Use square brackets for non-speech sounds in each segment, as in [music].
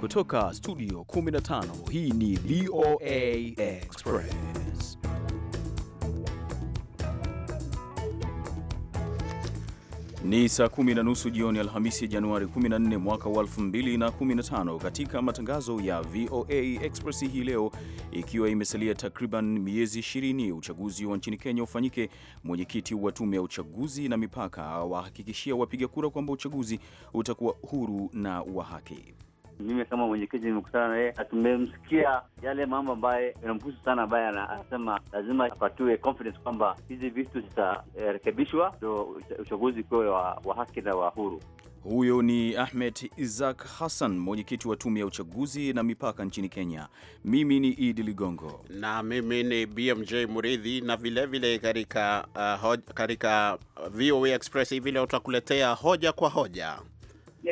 Kutoka studio 15 hii ni VOA Express. Ni saa kumi na nusu jioni Alhamisi, Januari 14 mwaka wa 2015. Katika matangazo ya VOA Express hii leo, ikiwa imesalia takriban miezi 20 uchaguzi wa nchini Kenya ufanyike, mwenyekiti wa tume ya uchaguzi na mipaka wahakikishia wapiga kura kwamba uchaguzi utakuwa huru na wa haki. Mimi kama mwenyekiti nimekutana naye na tumemsikia yale mambo ambaye yanamhusu sana, ambaye anasema lazima apatiwe confidence kwamba hizi vitu zitarekebishwa, ndo uchaguzi ukiwe wa, wa haki na wa huru. Huyo ni Ahmed isak Hassan, mwenyekiti wa tume ya uchaguzi na mipaka nchini Kenya. Mimi ni Idi Ligongo na mimi ni BMJ Muridhi, na vilevile katika uh, VOA uh, Express hivi leo tutakuletea hoja kwa hoja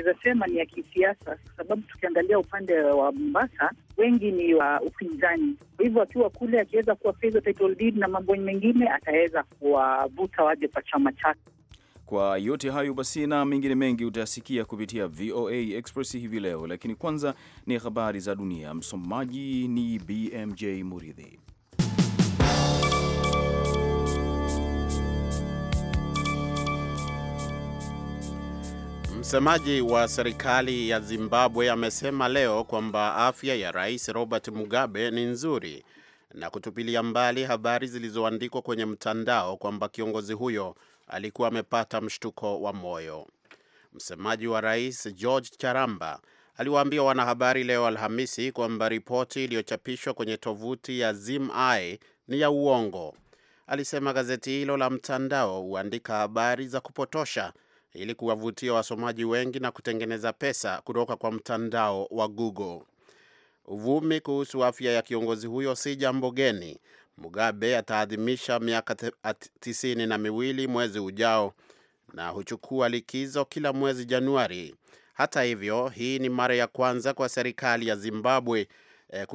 naweza sema ni ya kisiasa, kwa sababu tukiangalia upande wa Mombasa wengi ni wa upinzani. Kwa hivyo akiwa kule, akiweza kuwafeza title deed na mambo mengine, ataweza kuwavuta waje kwa chama chake. Kwa yote hayo basi na mengine mengi utayasikia kupitia VOA Express hivi leo, lakini kwanza ni habari za dunia. Msomaji ni BMJ Muridhi. Msemaji wa serikali ya Zimbabwe amesema leo kwamba afya ya Rais Robert Mugabe ni nzuri na kutupilia mbali habari zilizoandikwa kwenye mtandao kwamba kiongozi huyo alikuwa amepata mshtuko wa moyo. Msemaji wa rais George Charamba aliwaambia wanahabari leo Alhamisi kwamba ripoti iliyochapishwa kwenye tovuti ya ZimEye ni ya uongo. Alisema gazeti hilo la mtandao huandika habari za kupotosha ili kuwavutia wasomaji wengi na kutengeneza pesa kutoka kwa mtandao wa Google. Uvumi kuhusu afya ya kiongozi huyo si jambo geni. Mugabe ataadhimisha miaka tisini na miwili mwezi ujao na huchukua likizo kila mwezi Januari. Hata hivyo, hii ni mara ya kwanza kwa serikali ya Zimbabwe eh,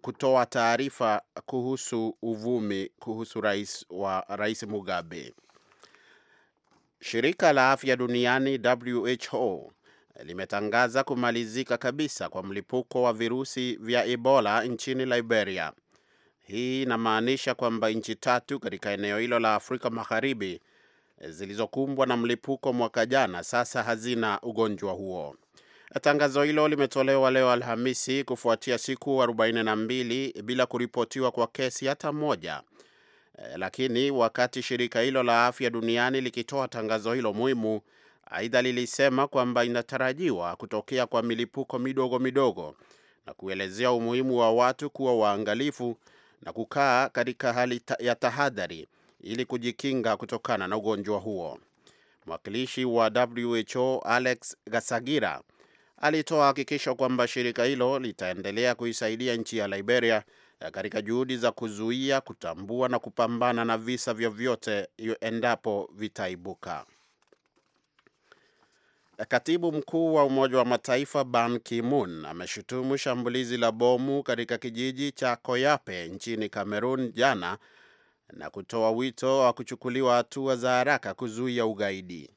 kutoa taarifa kuhusu uvumi kuhusu rais wa Rais Mugabe. Shirika la afya duniani WHO limetangaza kumalizika kabisa kwa mlipuko wa virusi vya Ebola nchini Liberia. Hii inamaanisha kwamba nchi tatu katika eneo hilo la Afrika Magharibi eh, zilizokumbwa na mlipuko mwaka jana sasa hazina ugonjwa huo. Tangazo hilo limetolewa leo Alhamisi kufuatia siku 42 bila kuripotiwa kwa kesi hata moja lakini wakati shirika hilo la afya duniani likitoa tangazo hilo muhimu, aidha lilisema kwamba inatarajiwa kutokea kwa milipuko midogo midogo na kuelezea umuhimu wa watu kuwa waangalifu na kukaa katika hali ya tahadhari ili kujikinga kutokana na ugonjwa huo. Mwakilishi wa WHO Alex Gasagira alitoa hakikisho kwamba shirika hilo litaendelea kuisaidia nchi ya Liberia Eh, katika juhudi za kuzuia, kutambua na kupambana na visa vyovyote endapo vitaibuka. Eh, katibu mkuu wa Umoja wa Mataifa Ban Ki-moon ameshutumu shambulizi la bomu katika kijiji cha Koyape nchini Kamerun jana na kutoa wito wa kuchukuliwa hatua za haraka kuzuia ugaidi.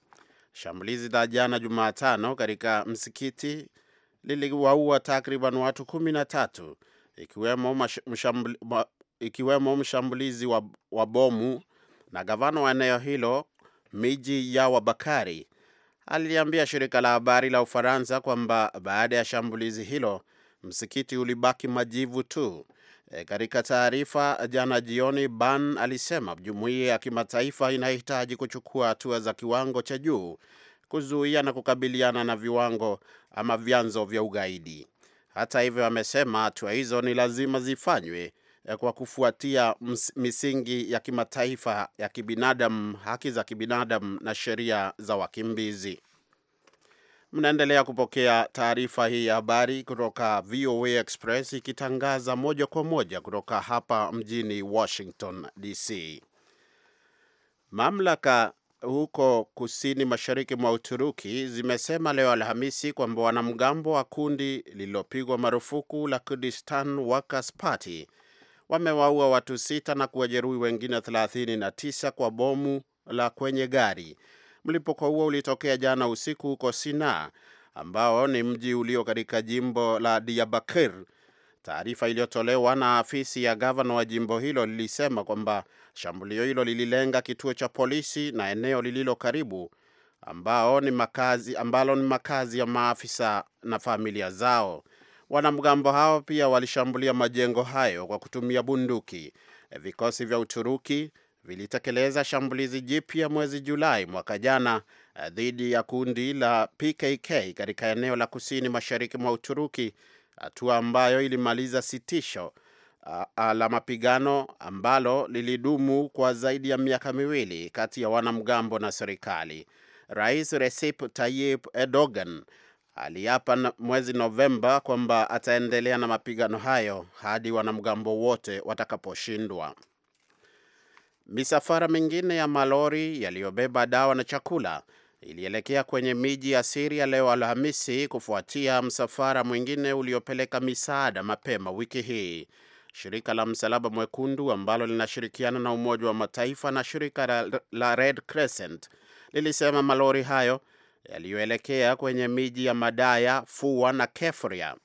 Shambulizi la jana Jumatano katika msikiti liliwaua takriban watu kumi na tatu ikiwemo mshambuli, ikiwemo mshambulizi wa, wa bomu na gavana wa eneo hilo Miji Yawa Bakari aliliambia shirika la habari la Ufaransa kwamba baada ya shambulizi hilo msikiti ulibaki majivu tu. E, katika taarifa jana jioni, Ban alisema jumuiya ya kimataifa inahitaji kuchukua hatua za kiwango cha juu kuzuia na kukabiliana na viwango ama vyanzo vya ugaidi. Hata hivyo, amesema hatua hizo ni lazima zifanywe eh, kwa kufuatia misingi ya kimataifa ya kibinadamu, haki za kibinadamu na sheria za wakimbizi. Mnaendelea kupokea taarifa hii ya habari kutoka VOA Express ikitangaza moja kwa moja kutoka hapa mjini Washington DC. Mamlaka huko kusini mashariki mwa Uturuki zimesema leo Alhamisi kwamba wanamgambo wa kundi lililopigwa marufuku la Kurdistan Workers Party wamewaua watu sita na kuwajeruhi wengine 39 kwa bomu la kwenye gari. Mlipuko huo ulitokea jana usiku huko Sinaa ambao ni mji ulio katika jimbo la Diyarbakir Taarifa iliyotolewa na afisi ya gavana wa jimbo hilo lilisema kwamba shambulio hilo lililenga kituo cha polisi na eneo lililo karibu ambao ni makazi, ambalo ni makazi ya maafisa na familia zao. Wanamgambo hao pia walishambulia majengo hayo kwa kutumia bunduki. Vikosi vya Uturuki vilitekeleza shambulizi jipya mwezi Julai mwaka jana eh, dhidi ya kundi la PKK katika eneo la kusini mashariki mwa Uturuki hatua ambayo ilimaliza sitisho la mapigano ambalo lilidumu kwa zaidi ya miaka miwili kati ya wanamgambo na serikali. Rais Recep Tayyip Erdogan aliapa mwezi Novemba kwamba ataendelea na mapigano hayo hadi wanamgambo wote watakaposhindwa. Misafara mingine ya malori yaliyobeba dawa na chakula ilielekea kwenye miji ya Siria leo Alhamisi kufuatia msafara mwingine uliopeleka misaada mapema wiki hii. Shirika la Msalaba Mwekundu ambalo linashirikiana na Umoja wa Mataifa na shirika la, la Red Crescent lilisema malori hayo yaliyoelekea kwenye miji ya Madaya, Fua na Kefria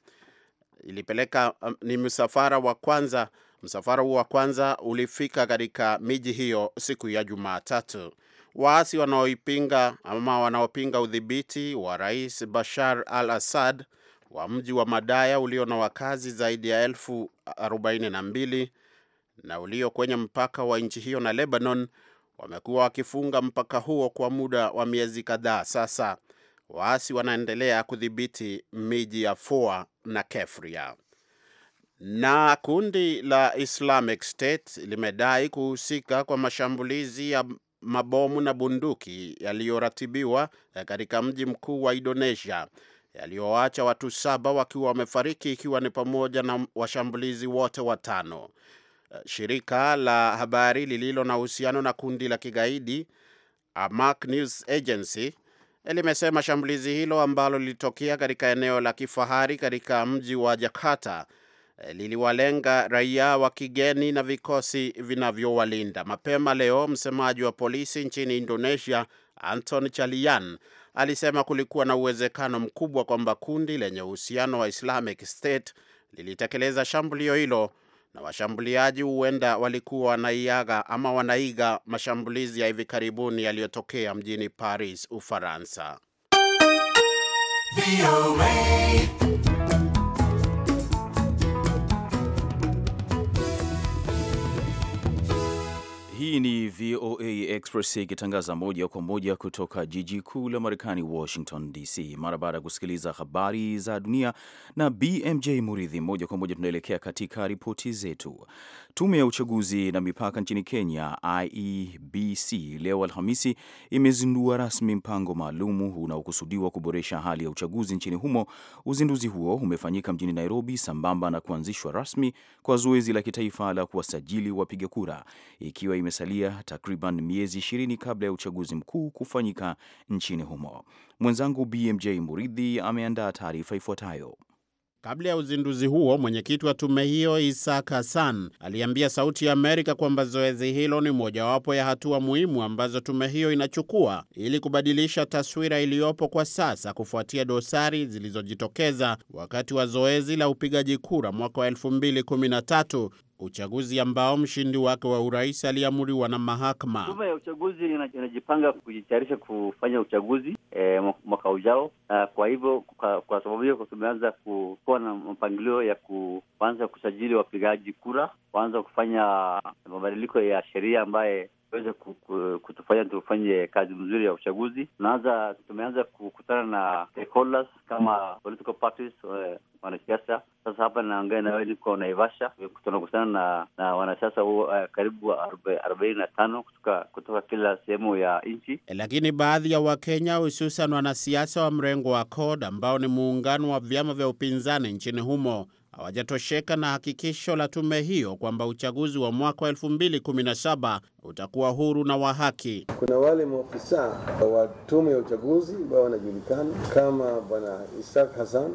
ilipeleka um, ni msafara wa kwanza. Msafara huo wa kwanza ulifika katika miji hiyo siku ya Jumatatu waasi wanaoipinga ama wanaopinga udhibiti wa Rais Bashar al-Assad wa mji wa Madaya ulio na wakazi zaidi ya elfu arobaini na mbili na ulio kwenye mpaka wa nchi hiyo na Lebanon wamekuwa wakifunga mpaka huo kwa muda wa miezi kadhaa sasa. Waasi wanaendelea kudhibiti miji ya Foa na Kefria. Na kundi la Islamic State limedai kuhusika kwa mashambulizi ya mabomu na bunduki yaliyoratibiwa eh, katika mji mkuu wa Indonesia yaliyoacha watu saba wakiwa wamefariki ikiwa ni pamoja na washambulizi wote watano. Eh, shirika la habari lililo na uhusiano na kundi la kigaidi Amaq News Agency eh, limesema shambulizi hilo ambalo lilitokea katika eneo la kifahari katika mji wa Jakarta Eh, liliwalenga raia wa kigeni na vikosi vinavyowalinda. Mapema leo, msemaji wa polisi nchini Indonesia Anton Chalian alisema kulikuwa na uwezekano mkubwa kwamba kundi lenye uhusiano wa Islamic State lilitekeleza shambulio hilo na washambuliaji huenda walikuwa wanaiaga ama wanaiga mashambulizi ya hivi karibuni yaliyotokea mjini Paris, Ufaransa. Hii ni VOA Express ikitangaza moja kwa moja kutoka jiji kuu la Marekani, Washington DC. Mara baada ya kusikiliza habari za dunia na BMJ Muridhi, moja kwa moja tunaelekea katika ripoti zetu. Tume ya uchaguzi na mipaka nchini Kenya, IEBC, leo Alhamisi imezindua rasmi mpango maalumu unaokusudiwa kuboresha hali ya uchaguzi nchini humo. Uzinduzi huo umefanyika mjini Nairobi sambamba na kuanzishwa rasmi kwa zoezi la kitaifa la kuwasajili wapiga kura, ikiwa imesalia takriban miezi ishirini kabla ya uchaguzi mkuu kufanyika nchini humo. Mwenzangu BMJ Muridhi ameandaa taarifa ifuatayo. Kabla ya uzinduzi huo, mwenyekiti wa tume hiyo Isak Hassan aliambia Sauti ya Amerika kwamba zoezi hilo ni mojawapo ya hatua muhimu ambazo tume hiyo inachukua ili kubadilisha taswira iliyopo kwa sasa kufuatia dosari zilizojitokeza wakati wa zoezi la upigaji kura mwaka wa 2013 uchaguzi ambao mshindi wake wa urais aliamuriwa na mahakama. Tume ya uchaguzi inajipanga kujitayarisha kufanya uchaguzi e, mwaka ujao. Kwa hivyo kwa, kwa sababu hiyo tumeanza kuwa na mpangilio ya kuanza kusajili wapigaji kura, kuanza kufanya mabadiliko ya sheria ambaye weze kutufanya tufanye kazi mzuri ya uchaguzi. Naanza, tumeanza kukutana na stakeholders kama political parties, eh, wanasiasa. Sasa hapa naongea nawe, niko Naivasha, tunakutana na na wanasiasa eh, karibu arobaini na tano kutoka kutoka kila sehemu ya nchi. Lakini baadhi ya Wakenya hususan wanasiasa wa mrengo wa CORD ambao ni muungano wa vyama vya upinzani nchini humo hawajatosheka na hakikisho la tume hiyo kwamba uchaguzi wa mwaka wa 2017 utakuwa huru na wa haki. Kuna wale maofisa wa tume ya uchaguzi ambao wanajulikana kama Bwana isak Hassan,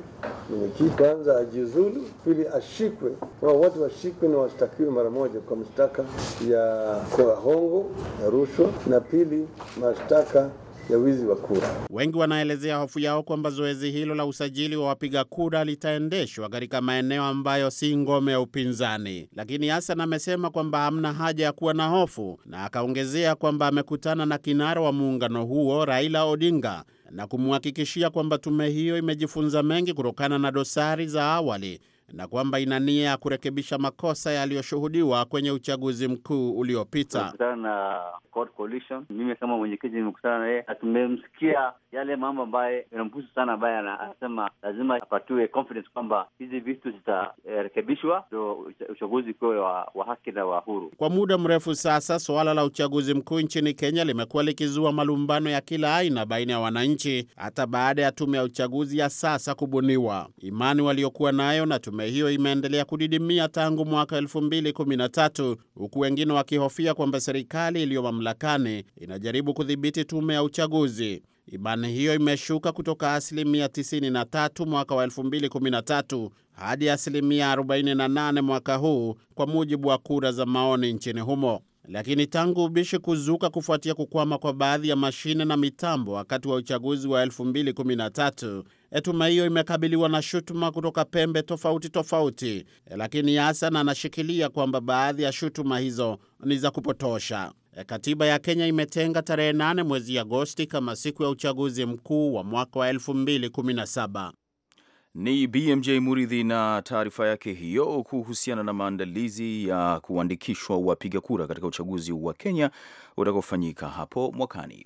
mwenyekiti, kwanza ajiuzulu, pili ashikwe, wao watu washikwe na washtakiwe mara moja kwa mashtaka ya hongo ya rushwa, na pili mashtaka ya wizi wa kura. Wengi wanaelezea hofu yao kwamba zoezi hilo la usajili wa wapiga kura litaendeshwa katika maeneo ambayo si ngome ya upinzani, lakini hasan amesema kwamba hamna haja ya kuwa na hofu, na akaongezea kwamba amekutana na kinara wa muungano huo Raila Odinga na kumhakikishia kwamba tume hiyo imejifunza mengi kutokana na dosari za awali na kwamba ina nia ya kurekebisha makosa yaliyoshuhudiwa kwenye uchaguzi mkuu uliopita. Mimi kama mwenyekiti nimekutana naye, tumemsikia yale mambo ambaye inamhusu sana, ambaye anasema lazima apatiwe confidence kwamba hizi vitu zitarekebishwa, ndo uchaguzi ukiwe wa, wa haki na wa huru. Kwa muda mrefu sasa, suala la uchaguzi mkuu nchini Kenya limekuwa likizua malumbano ya kila aina baina ya wananchi, hata baada ya tume ya uchaguzi ya sasa kubuniwa. Imani waliokuwa nayo na tume Tume hiyo imeendelea kudidimia tangu mwaka 2013 huku wengine wakihofia kwamba serikali iliyo mamlakani inajaribu kudhibiti tume ya uchaguzi. Ibani hiyo imeshuka kutoka asilimia 93 mwaka wa 2013 hadi asilimia 48 mwaka huu, kwa mujibu wa kura za maoni nchini humo lakini tangu ubishi kuzuka kufuatia kukwama kwa baadhi ya mashine na mitambo wakati wa uchaguzi wa 2013 tume hiyo imekabiliwa na shutuma kutoka pembe tofauti tofauti, lakini Hassan anashikilia kwamba baadhi ya shutuma hizo ni za kupotosha. E, katiba ya Kenya imetenga tarehe 8 mwezi Agosti kama siku ya uchaguzi mkuu wa mwaka wa 2017. Ni BMJ Muridhi na taarifa yake hiyo kuhusiana na maandalizi ya kuandikishwa wapiga kura katika uchaguzi wa Kenya utakaofanyika hapo mwakani.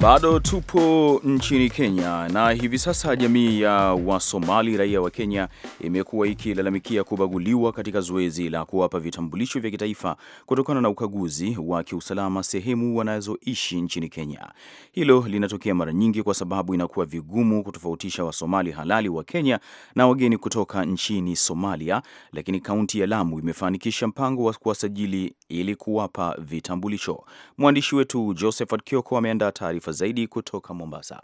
Bado tupo nchini Kenya na hivi sasa jamii ya Wasomali raia wa Kenya imekuwa ikilalamikia kubaguliwa katika zoezi la kuwapa vitambulisho vya kitaifa kutokana na ukaguzi wa kiusalama sehemu wanazoishi nchini Kenya. Hilo linatokea mara nyingi kwa sababu inakuwa vigumu kutofautisha Wasomali halali wa Kenya na wageni kutoka nchini Somalia, lakini kaunti ya Lamu imefanikisha mpango wa kuwasajili ili kuwapa vitambulisho. Mwandishi wetu Josephat Kioko ameandaa taarifa zaidi kutoka Mombasa.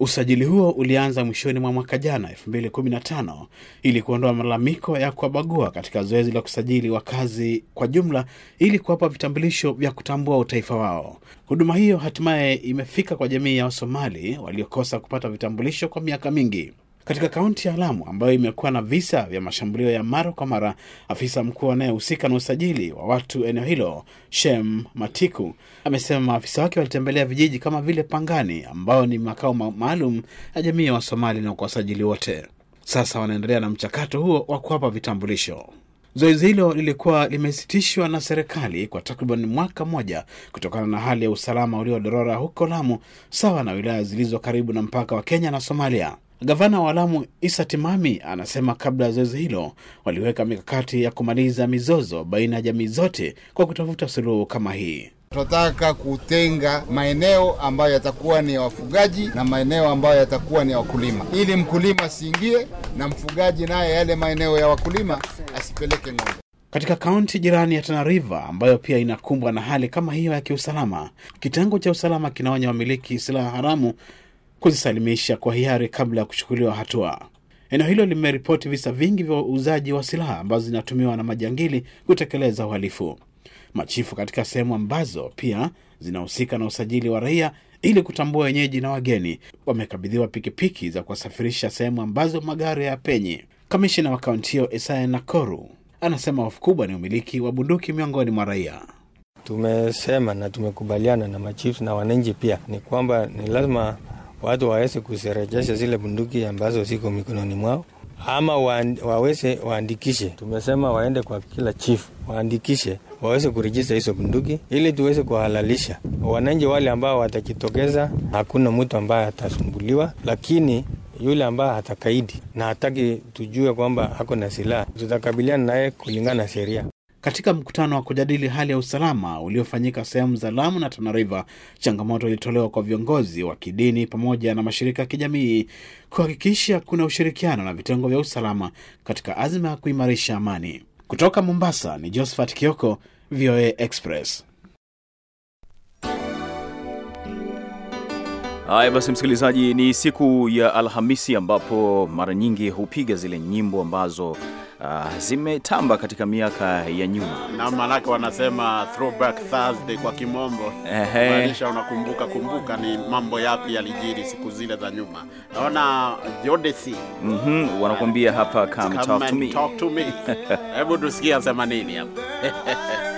Usajili huo ulianza mwishoni mwa mwaka jana 2015 ili kuondoa malalamiko ya kuwabagua katika zoezi la kusajili wakazi kwa jumla ili kuwapa vitambulisho vya kutambua utaifa wao. Huduma hiyo hatimaye imefika kwa jamii ya Wasomali waliokosa kupata vitambulisho kwa miaka mingi katika kaunti ya Lamu ambayo imekuwa na visa vya mashambulio ya mara kwa mara. Afisa mkuu anayehusika na usajili wa watu eneo hilo Shem Matiku amesema maafisa wake walitembelea vijiji kama vile Pangani ambao ni makao maalum ya jamii ya Wasomali na kwa wasajili wote. Sasa wanaendelea na mchakato huo wa kuwapa vitambulisho. Zoezi hilo lilikuwa limesitishwa na serikali kwa takriban mwaka mmoja kutokana na hali ya usalama uliodorora huko Lamu, sawa na wilaya zilizo karibu na mpaka wa Kenya na Somalia. Gavana wa Lamu Isa Timami anasema kabla ya zoezi hilo waliweka mikakati ya kumaliza mizozo baina ya jamii zote kwa kutafuta suluhu kama hii. Tunataka kutenga maeneo ambayo yatakuwa ni ya wafugaji na maeneo ambayo yatakuwa ni ya wakulima, ili mkulima asiingie na mfugaji naye yale maeneo ya wakulima asipeleke ng'ombe. Katika kaunti jirani ya Tana River ambayo pia inakumbwa na hali kama hiyo ya kiusalama, kitengo cha usalama kinaonya wamiliki silaha haramu kuzisalimisha kwa hiari kabla ya kuchukuliwa hatua. Eneo hilo limeripoti visa vingi vya uuzaji wa silaha ambazo zinatumiwa na majangili kutekeleza uhalifu. Machifu katika sehemu ambazo pia zinahusika na usajili wa raia ili kutambua wenyeji na wageni wamekabidhiwa pikipiki za kuwasafirisha sehemu ambazo magari ya penyi. Kamishina wa kaunti hiyo Isaya Nakoru anasema hofu kubwa ni umiliki wa bunduki miongoni mwa raia. Tumesema na tumekubaliana na machifu na wananchi pia, ni kwamba ni lazima watu waweze kuzirejesha zile bunduki ambazo ziko mikononi mwao ama waweze waandikishe. Tumesema waende kwa kila chifu waandikishe, waweze kurejesha hizo bunduki ili tuweze kuhalalisha wananchi wale ambao watajitokeza. Hakuna mtu ambaye atasumbuliwa, lakini yule ambaye hatakaidi na hataki tujue kwamba ako na silaha, tutakabiliana naye kulingana na sheria. Katika mkutano wa kujadili hali ya usalama uliofanyika sehemu za Lamu na tanariva changamoto ilitolewa kwa viongozi wa kidini pamoja na mashirika ya kijamii kuhakikisha kuna ushirikiano na vitengo vya usalama katika azma ya kuimarisha amani. Kutoka Mombasa ni Josephat Kioko, VOA Express. Haya basi, msikilizaji, ni siku ya Alhamisi ambapo mara nyingi hupiga zile nyimbo ambazo uh, zimetamba katika miaka ya nyuma, na maanake wanasema throwback Thursday kwa kimombo, kumaanisha unakumbuka kumbuka ni mambo yapi yalijiri siku zile za nyuma. Naona Jodeci mm -hmm, wanakuambia hapa come talk to me, talk to me. [laughs] Hebu tusikie asema nini hapa [laughs]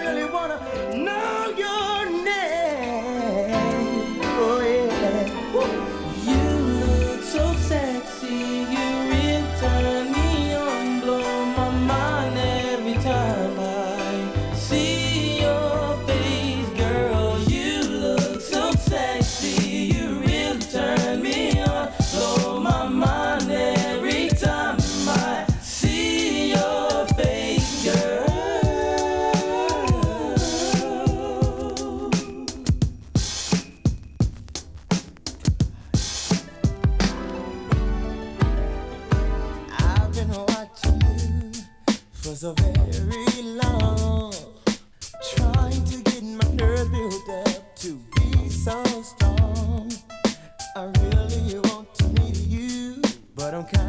was a very long trying to get my built up to be so strong. I really want to meet you, but I'm kind.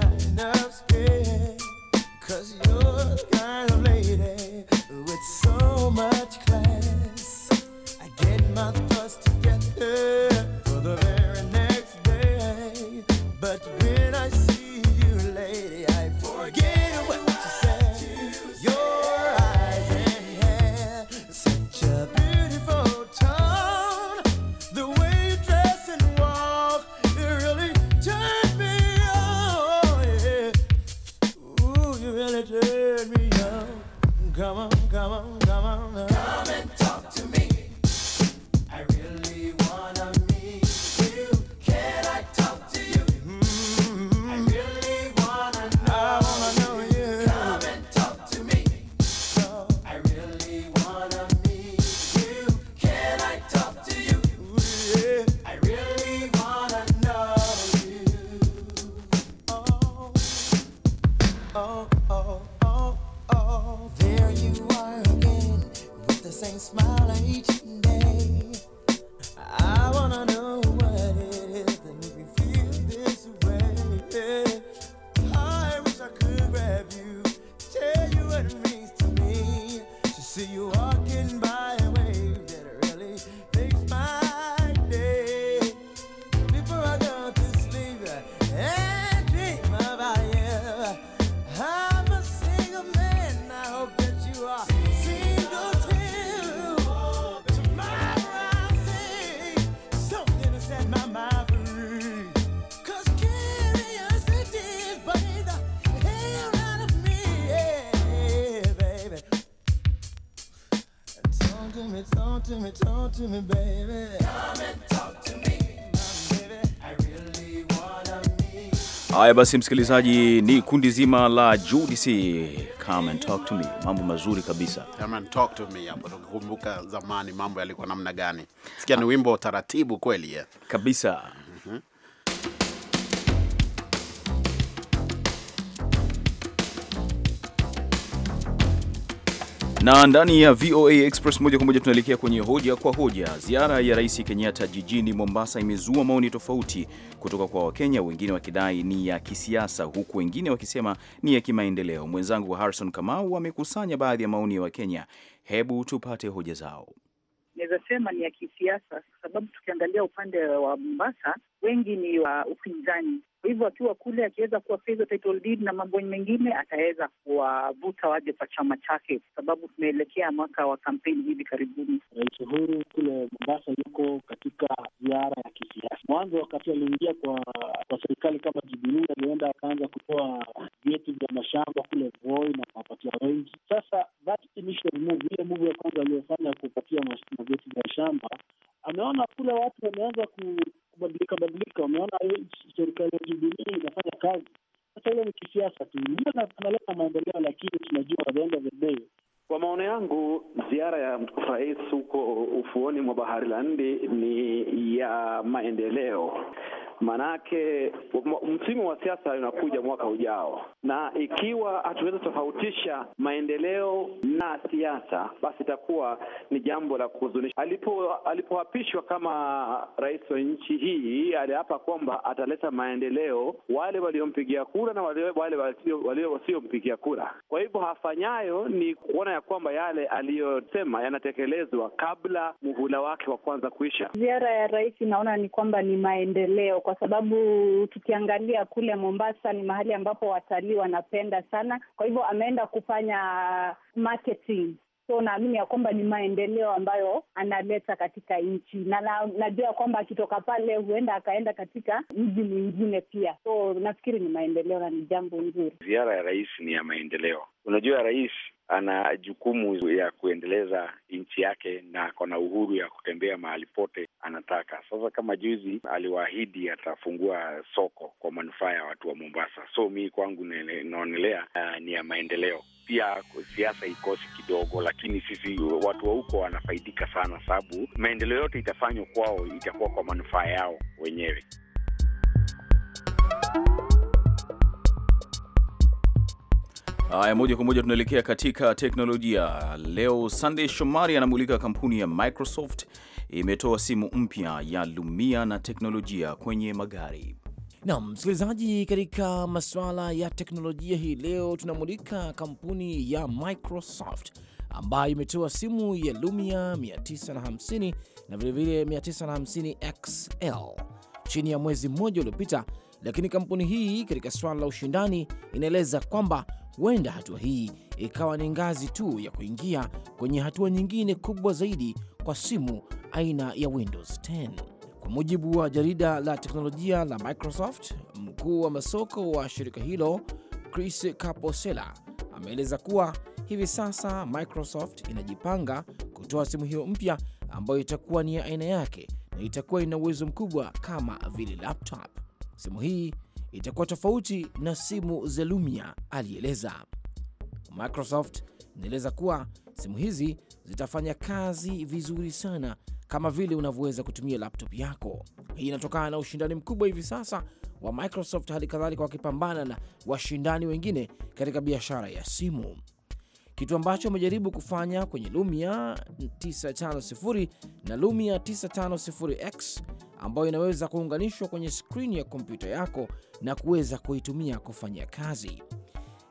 and talk to me, baby. Come and talk to me. Haya basi, msikilizaji, ni kundi zima la Judici, Come and Talk to Me, mambo mazuri kabisa. Come and Talk to Me, hapo tukikumbuka zamani mambo yalikuwa namna gani. Sikia, ni wimbo taratibu kweli, yeah. kabisa na ndani ya VOA Express moja kwa moja tunaelekea kwenye hoja kwa hoja. Ziara ya Rais Kenyatta jijini Mombasa imezua maoni tofauti kutoka kwa Wakenya, wengine wakidai ni ya kisiasa, huku wengine wakisema ni ya kimaendeleo. Mwenzangu Harrison Kamau amekusanya baadhi ya maoni ya Wakenya, hebu tupate hoja zao. Naweza sema ni ya kisiasa kwa sababu tukiangalia upande wa Mombasa wengi ni wa upinzani kwa hivyo akiwa kule akiweza kuwapea title deed na mambo mengine, ataweza kuwavuta waje kwa chama chake, kwa sababu tumeelekea mwaka wa kampeni hivi karibuni. Rais Uhuru kule Mombasa yuko katika ziara ya kisiasa. Mwanzo wakati aliingia kwa kwa serikali kama Jubilii, alienda akaanza kutoa vyeti vya mashamba kule Voi na kuwapatia wengi. Sasa that initial move, ile move ya kwanza aliyofanya kupatia mavyeti vya shamba ameona kule watu wameanza kubadilika badilika, wameona serikali ya Jubilii inafanya kazi. Sasa ile ni kisiasa tu, ndio analeta maendeleo, lakini tunajua the end of the day kwa maoni yangu ziara ya mtukufu rais huko ufuoni mwa bahari la Hindi ni ya maendeleo, manake msimu wa siasa unakuja mwaka ujao, na ikiwa hatuweza tofautisha maendeleo na siasa, basi itakuwa ni jambo la kuhuzunisha. Alipo alipoapishwa kama rais wa nchi hii, aliapa kwamba ataleta maendeleo wale waliompigia kura na wale wale wasiompigia kura. Kwa hivyo hafanyayo ni kuona ya kwamba yale aliyosema yanatekelezwa kabla muhula wake wa kwanza kuisha. Ziara ya rais inaona ni kwamba ni maendeleo, kwa sababu tukiangalia kule Mombasa ni mahali ambapo watalii wanapenda sana, kwa hivyo ameenda kufanya marketing So naamini ya kwamba ni maendeleo ambayo analeta katika nchi, na najua ya kwamba akitoka pale huenda akaenda katika mji mwingine pia. So nafikiri ni maendeleo na ni jambo nzuri. Ziara ya rais ni ya maendeleo. Unajua, rais ana jukumu ya kuendeleza nchi yake na ako na uhuru ya kutembea mahali pote anataka. Sasa kama juzi aliwaahidi atafungua soko kwa manufaa ya watu wa Mombasa, so mi kwangu naonelea uh, ni ya maendeleo. Pia siasa ikosi kidogo, lakini sisi watu wa huko wanafaidika sana, sababu maendeleo yote itafanywa kwao itakuwa kwa manufaa yao wenyewe. Haya, moja kwa moja tunaelekea katika teknolojia. Leo Sunday Shomari anamulika kampuni ya Microsoft imetoa simu mpya ya Lumia na teknolojia kwenye magari. Nam msikilizaji, katika masuala ya teknolojia hii leo tunamulika kampuni ya Microsoft ambayo imetoa simu ya Lumia 950 na vilevile 950 XL chini ya mwezi mmoja uliopita, lakini kampuni hii katika swala la ushindani inaeleza kwamba huenda hatua hii ikawa ni ngazi tu ya kuingia kwenye hatua nyingine kubwa zaidi kwa simu aina ya Windows 10. Kwa mujibu wa jarida la teknolojia la Microsoft, mkuu wa masoko wa shirika hilo Chris Caposella ameeleza kuwa hivi sasa Microsoft inajipanga kutoa simu hiyo mpya ambayo itakuwa ni ya aina yake na itakuwa ina uwezo mkubwa kama vile laptop. Simu hii itakuwa tofauti na simu za Lumia, alieleza. Microsoft inaeleza kuwa simu hizi zitafanya kazi vizuri sana kama vile unavyoweza kutumia laptop yako. Hii inatokana na ushindani mkubwa hivi sasa wa Microsoft, hali kadhalika wakipambana na washindani wengine katika biashara ya simu, kitu ambacho wamejaribu kufanya kwenye Lumia 950 na Lumia 950X ambayo inaweza kuunganishwa kwenye skrini ya kompyuta yako na kuweza kuitumia kufanya kazi.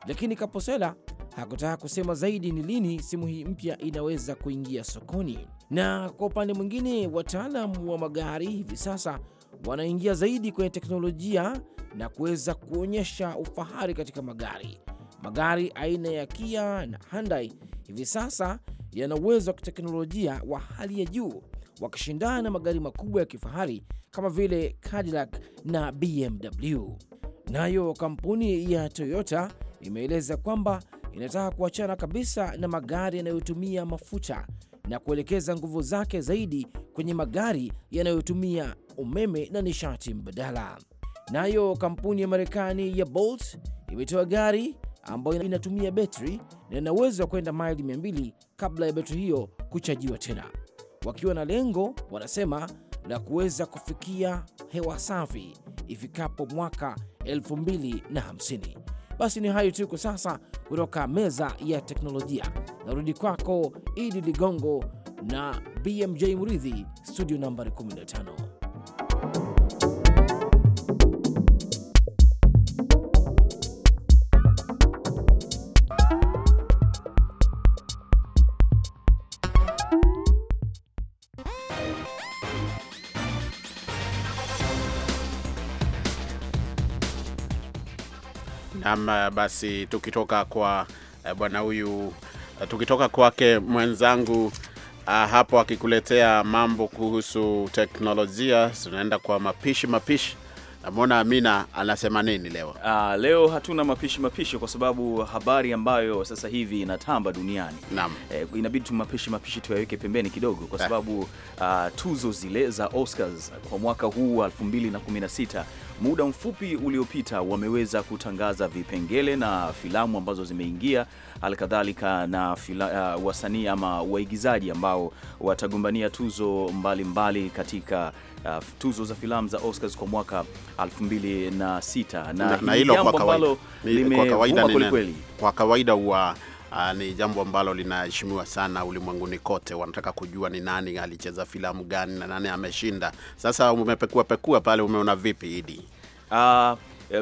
Lakini Kaposela hakutaka kusema zaidi ni lini simu hii mpya inaweza kuingia sokoni. Na kwa upande mwingine, wataalam wa magari hivi sasa wanaingia zaidi kwenye teknolojia na kuweza kuonyesha ufahari katika magari. Magari aina ya Kia na Hyundai hivi sasa yana uwezo wa kiteknolojia wa hali ya juu, wakishindana na magari makubwa ya kifahari kama vile Cadillac na BMW. Nayo kampuni ya Toyota imeeleza kwamba inataka kuachana kabisa na magari yanayotumia mafuta na kuelekeza nguvu zake zaidi kwenye magari yanayotumia umeme na nishati mbadala. Nayo kampuni ya Marekani ya Bolt imetoa gari ambayo inatumia betri na ina uwezo wa kwenda maili 200 kabla ya betri hiyo kuchajiwa tena, wakiwa na lengo, wanasema la kuweza kufikia hewa safi ifikapo mwaka 2050. Basi ni hayo tu kwa sasa kutoka meza ya teknolojia. Narudi kwako Idi Ligongo na BMJ Muridhi, studio nambari 15. Ama basi tukitoka kwa eh, bwana huyu, eh, tukitoka kwake mwenzangu ah, hapo akikuletea mambo kuhusu teknolojia, tunaenda kwa mapishi mapishi. Namwona Amina anasema nini leo? Aa, ah, leo hatuna mapishi mapishi kwa sababu habari ambayo sasa hivi inatamba duniani naam, eh, inabidi tu mapishi mapishi tuyaweke pembeni kidogo kwa eh. sababu uh, tuzo zile za Oscars kwa mwaka huu wa 2016 muda mfupi uliopita wameweza kutangaza vipengele na filamu ambazo zimeingia, halikadhalika na fila, uh, wasanii ama waigizaji ambao watagombania tuzo mbalimbali mbali katika uh, tuzo za filamu za Oscars kwa mwaka 2006 na hilo kwa kawaida, kwa kawaida huwa Uh, ni jambo ambalo linaheshimiwa sana ulimwenguni kote. Wanataka kujua ni nani alicheza filamu gani na nani ameshinda. Sasa umepekua pekua pale, umeona vipi Idi? Uh,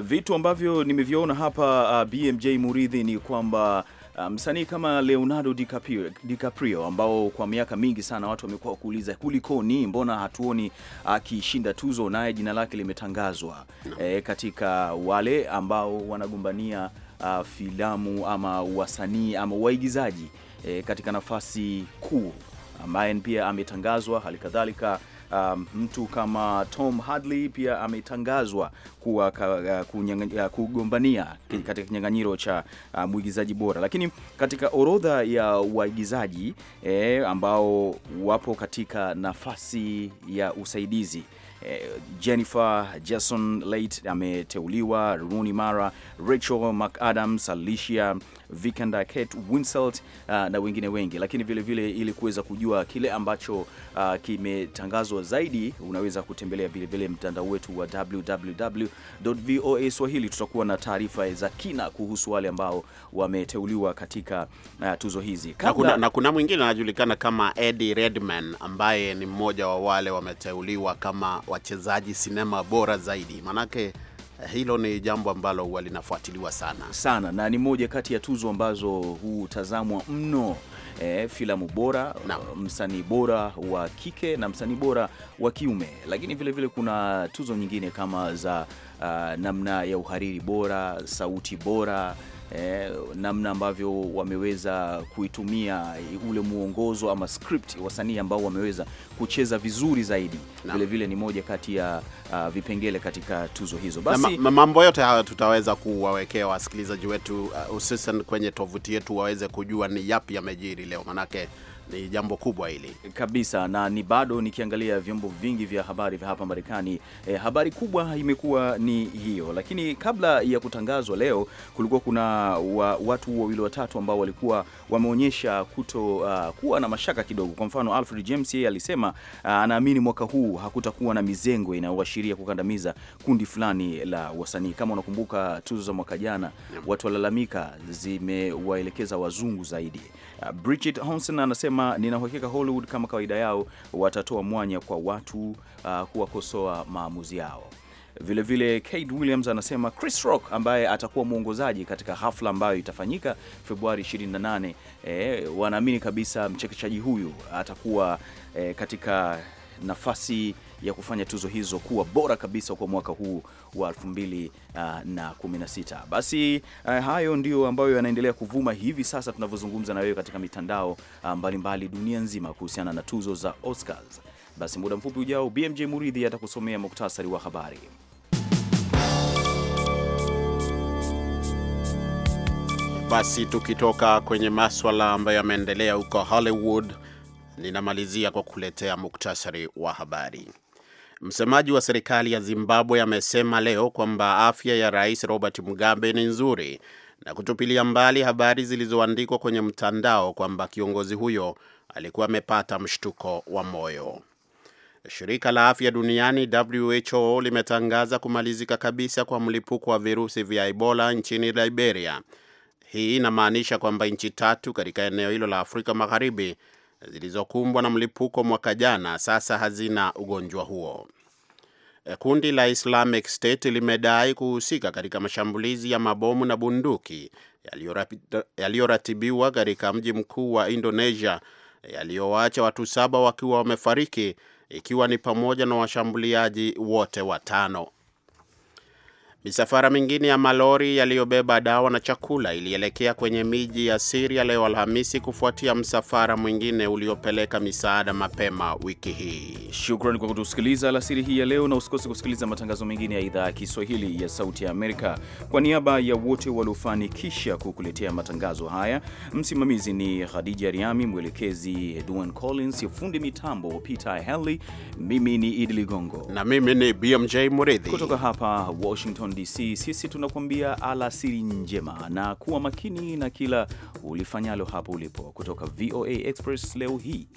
vitu ambavyo nimeviona hapa uh, ah, BMJ Muridhi ni kwamba msanii kama Leonardo DiCaprio, DiCaprio ambao kwa miaka mingi sana watu wamekuwa wakuuliza kulikoni, mbona hatuoni akishinda tuzo, naye jina lake limetangazwa no. E, katika wale ambao wanagombania uh, filamu ama wasanii ama waigizaji e, katika nafasi kuu ambaye pia ametangazwa halikadhalika. Um, mtu kama Tom Hadley pia ametangazwa kuwa uh, uh, kugombania katika kinyang'anyiro cha uh, mwigizaji bora, lakini katika orodha ya waigizaji eh, ambao wapo katika nafasi ya usaidizi Eh, Jennifer Jason Leigh ameteuliwa, Rooney Mara, Rachel McAdams, Alicia Vikander, Kate Winslet uh, na wengine wengi. Lakini vilevile ili kuweza kujua kile ambacho uh, kimetangazwa zaidi, unaweza kutembelea vilevile mtandao wetu wa www.voa Swahili. Tutakuwa na taarifa za kina kuhusu wale ambao wameteuliwa katika uh, tuzo hizi Kabla... na, kuna, na kuna mwingine anajulikana kama Eddie Redman ambaye ni mmoja wa wale wameteuliwa kama wachezaji sinema bora zaidi, manake eh, hilo ni jambo ambalo huwa linafuatiliwa sana sana, na ni moja kati ya tuzo ambazo hutazamwa mno. E, filamu bora, msanii bora wa kike na msanii bora wa kiume, lakini vilevile vile kuna tuzo nyingine kama za uh, namna ya uhariri bora, sauti bora eh, namna ambavyo wameweza kuitumia ule mwongozo ama script, wasanii ambao wameweza kucheza vizuri zaidi vilevile vile ni moja kati ya uh, vipengele katika tuzo hizo. Basi ma, mambo yote haya tutaweza kuwawekea wasikilizaji wetu ah, hususan uh, kwenye tovuti yetu waweze kujua ni yapi yamejiri leo manake ni jambo kubwa hili kabisa, na ni bado nikiangalia vyombo vingi vya habari vya hapa Marekani e, habari kubwa imekuwa ni hiyo. Lakini kabla ya kutangazwa leo, kulikuwa kuna wa, watu wawili watatu ambao walikuwa wameonyesha kuto uh, kuwa na mashaka kidogo. Kwa mfano Alfred James yeye alisema uh, anaamini mwaka huu hakutakuwa na mizengo inayoashiria kukandamiza kundi fulani la wasanii. Kama unakumbuka tuzo za mwaka jana, watu walalamika zimewaelekeza wazungu zaidi. Uh, Bridget Hansen anasema anasema nina uhakika Hollywood kama kawaida yao watatoa mwanya kwa watu uh, kuwakosoa maamuzi yao. Vilevile Kate Williams anasema Chris Rock ambaye atakuwa mwongozaji katika hafla ambayo itafanyika Februari 28, eh, wanaamini kabisa mchekeshaji huyu atakuwa eh, katika nafasi ya kufanya tuzo hizo kuwa bora kabisa kwa mwaka huu wa 2016. Ah, Basi eh, hayo ndio ambayo yanaendelea kuvuma hivi sasa tunavyozungumza na wewe katika mitandao ah, mbalimbali mbali dunia nzima kuhusiana na tuzo za Oscars. Basi muda mfupi ujao BMJ Muridhi atakusomea muktasari wa habari. Basi tukitoka kwenye maswala ambayo yameendelea huko Hollywood, ninamalizia kwa kuletea muktasari wa habari. Msemaji wa serikali ya Zimbabwe amesema leo kwamba afya ya Rais Robert Mugabe ni nzuri na kutupilia mbali habari zilizoandikwa kwenye mtandao kwamba kiongozi huyo alikuwa amepata mshtuko wa moyo. Shirika la Afya Duniani WHO limetangaza kumalizika kabisa kwa mlipuko wa virusi vya Ebola nchini Liberia. Hii inamaanisha kwamba nchi tatu katika eneo hilo la Afrika Magharibi zilizokumbwa na mlipuko mwaka jana sasa hazina ugonjwa huo. E, kundi la Islamic State limedai kuhusika katika mashambulizi ya mabomu na bunduki yaliyoratibiwa katika mji mkuu wa Indonesia e, yaliyowacha watu saba wakiwa wamefariki ikiwa ni pamoja na washambuliaji wote watano. Misafara mingine ya malori yaliyobeba dawa na chakula ilielekea kwenye miji ya Syria leo Alhamisi kufuatia msafara mwingine uliopeleka misaada mapema wiki hii. Shukrani kwa kutusikiliza alasiri hii ya leo, na usikose kusikiliza matangazo mengine ya idhaa ya Kiswahili ya Sauti ya Amerika. Kwa niaba ya wote waliofanikisha kukuletea matangazo haya, msimamizi ni Khadija Riami, mwelekezi Edwin Collins, fundi mitambo Peter Henley, mimi ni Idi Ligongo na mimi ni BMJ Muridhi kutoka hapa Washington DC, sisi tunakuambia alasiri njema na kuwa makini na kila ulifanyalo hapo ulipo, kutoka VOA Express leo hii.